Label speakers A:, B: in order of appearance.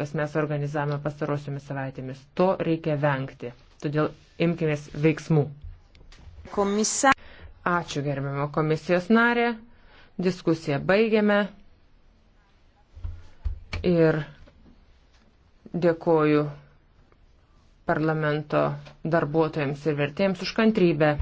A: kas mes organizavome pastarosiomis savaitėmis. To reikia vengti. Todėl imkimės veiksmų. Komisa. Ačiū gerbiamo komisijos narė. Diskusiją baigiame. Ir dėkoju parlamento darbuotojams ir vertėjams už kantrybę.